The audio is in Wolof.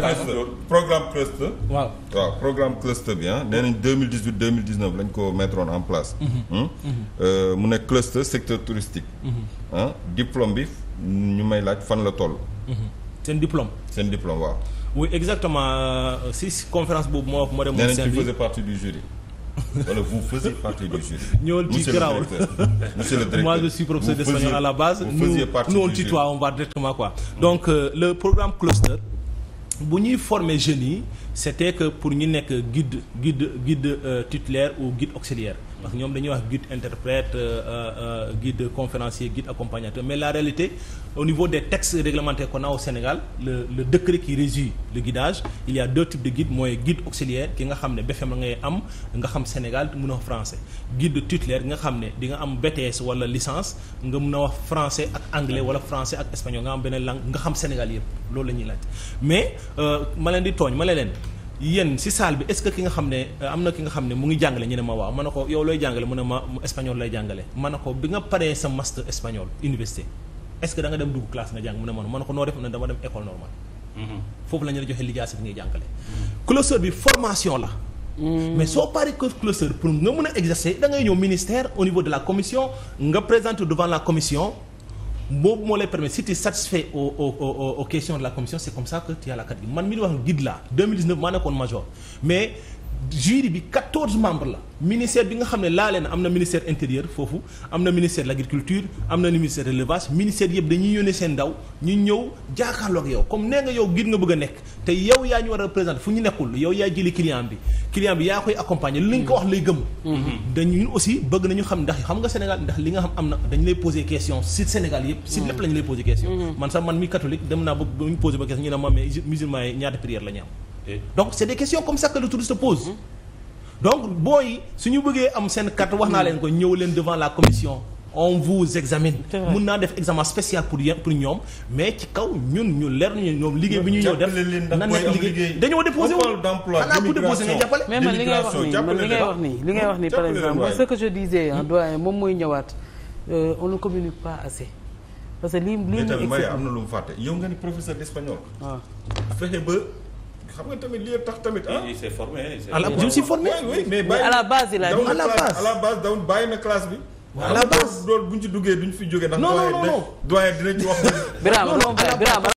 cluster programme cluster waaw waaw programme cluster bi ah nee nañ 2018 2019 lañ en place mhm. Hmm? Mhm. Euh, mu cluster secteur touristique mhm. ah bi ñu may laaj fan la toll seen diplôme seen diplôme waaw oui exactement euh, si conférence boobu moo wax moo dem nee nañ tu faisais partie du jury wala vous faisiez partie du jury. ñëwal ci garaawul monsieur le directeur moi je suis professeur d'espagnol à la base. nous nous on tutoie on va directement quoi. donc euh, le programme cluster. bu ñuy former jeunes yi c'était que pour ñu nekk guide guide guide titulaire euh, ou guide auxiliaire parce que ñoom dañuy wax guide interprète euh, euh, guide conférencier guide accompagnateur mais la réalité au niveau de textes réglementaires qu'on a au Sénégal le le décret qui régit le guidage il y a de guides mooy guide auxiliaire ki nga xam ne BFEM ngay am nga xam Sénégal mun a wax français guide titulaire nga xam ne di nga am BTS wala lisance nga mun a wax français ak anglais wala français ak espagnol nga am beneen langue nga xam Sénégal yëpp loolu la ñuy laaj mais ma leen di tooñ ma leen yéen si salle bi est-ce que ki nga xam ne euh, am na ki nga xam ne mu ngi jàngale ñu ne ma waaw ma a ko yow looy jàngale mu ne ma espagnol lay jàngale ma ne ko bi nga paree sa master espagnol université est-ce que da nga dem dugg classe nga jàng mu ne ma ma ne ko noo def na dama dem école normale. Mm-hmm. foofu la ñu joxe lijaasa bi ngay jàngale. Mm-hmm. cluster bi formation la. Mm-hmm. mais soo paree cluster pour nga mën a exercer da ñëw ministère au niveau de la commission boobu moo lay permettre si satisfait aux aux aux aux de la commission c'est comme ça que tu as la carte man mi di wax guide la 2019 maa nekkoon major mais. jury bi quatorze membres la ministère bi nga xam ne laalee na am na ministère intérieur foofu am na ministère de l'agriculture am na ministère de ministère yëpp dañuy yónnee seen ndaw ñu ñëw jaakaarloo ak yow comme nee nga yow guide nga bëgg a nekk te yow yaa ñu war a représenter fu ñu nekkul yow yaa jëli client bi client bi yaa koy accompagner li nga ko wax lay gëm. Mhm. dañu aussi bëgg nañu xam ndax xam nga Sénégal ndax li nga xam am na dañu lay poser question si Sénégal yëpp. si lépp mhm. la ñu donc c'est des questions comme ça que le touriste pose. donc booy su ñu bëggee am seen carte wax naa leen ko ñëw leen devant la commission. on vous examine. mun naa def examen spécial pour yéen pour ñoom mais ci kaw ñun ñu leer nañu ñoom liggéey bi ñu ñëw def nan nekk liggéey dañoo déposé wu xanaa ku déposé nga mais man li ngay wax nii li ngay wax nii par exemple moom mooy ñëwaat euh, parce que lii lii muy. am na lu mu fàtte yow nga ni professeur d'espagnol. Ah. fexe ba. xam nga tamit lii tax tamit ah. il s'est formé à la je me suis formé. la base a à la base à la base dawul bi. à la base loolu bu ñu ci duggee duñ fi jógee. non non non ndax doyen doyen dinañ ci wax. Birame